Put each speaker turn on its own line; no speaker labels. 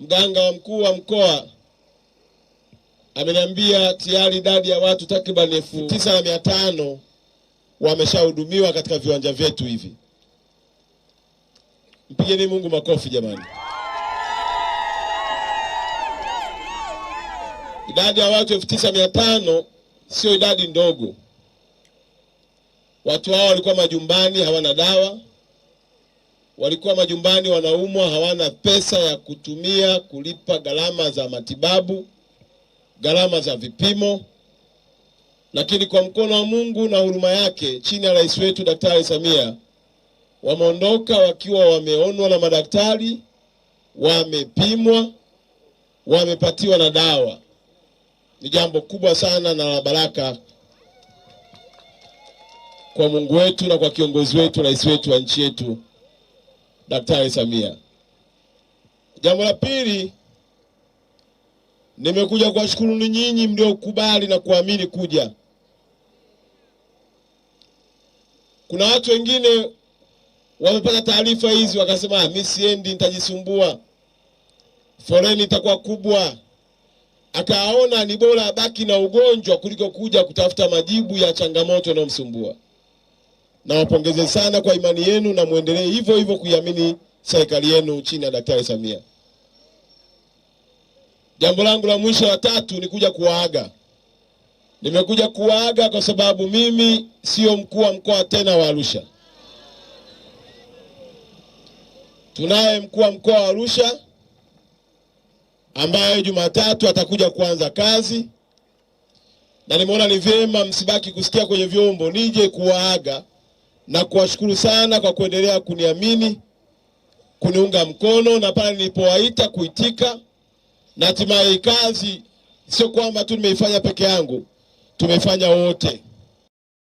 mganga mkuu wa mkoa ameniambia tayari idadi ya watu takriban elfu tisa na mia tano wameshahudumiwa katika viwanja vyetu hivi. Mpigeni Mungu makofi jamani. Idadi ya watu elfu tisa mia tano sio idadi ndogo. Watu hao walikuwa majumbani, hawana dawa walikuwa majumbani wanaumwa, hawana pesa ya kutumia kulipa gharama za matibabu, gharama za vipimo. Lakini kwa mkono wa Mungu na huruma yake, chini ya rais wetu Daktari Samia, wameondoka wakiwa wameonwa na madaktari, wamepimwa, wamepatiwa na dawa. Ni jambo kubwa sana na la baraka kwa Mungu wetu na kwa kiongozi wetu, rais wetu wa nchi yetu Daktari Samia. Jambo la pili, nimekuja kuwashukuru ni nyinyi mliokubali na kuamini kuja. Kuna watu wengine wamepata taarifa hizi wakasema, ah, mimi siendi, nitajisumbua, foleni itakuwa kubwa, akaona ni bora abaki na ugonjwa kuliko kuja kutafuta majibu ya changamoto inayomsumbua. Nawapongeze sana kwa imani yenu na muendelee hivyo hivyo kuiamini serikali yenu chini ya Daktari Samia. Jambo langu la mwisho la tatu ni kuja kuwaaga. Nimekuja kuwaaga kwa sababu mimi sio mkuu wa mkoa tena wa Arusha. Tunaye mkuu wa mkoa wa Arusha ambaye Jumatatu atakuja kuanza kazi, na nimeona ni vyema msibaki kusikia kwenye vyombo, nije kuwaaga na kuwashukuru sana kwa kuendelea kuniamini, kuniunga mkono na pale nilipowaita kuitika, na hatimaye kazi sio kwamba tu nimeifanya peke yangu, tumefanya wote.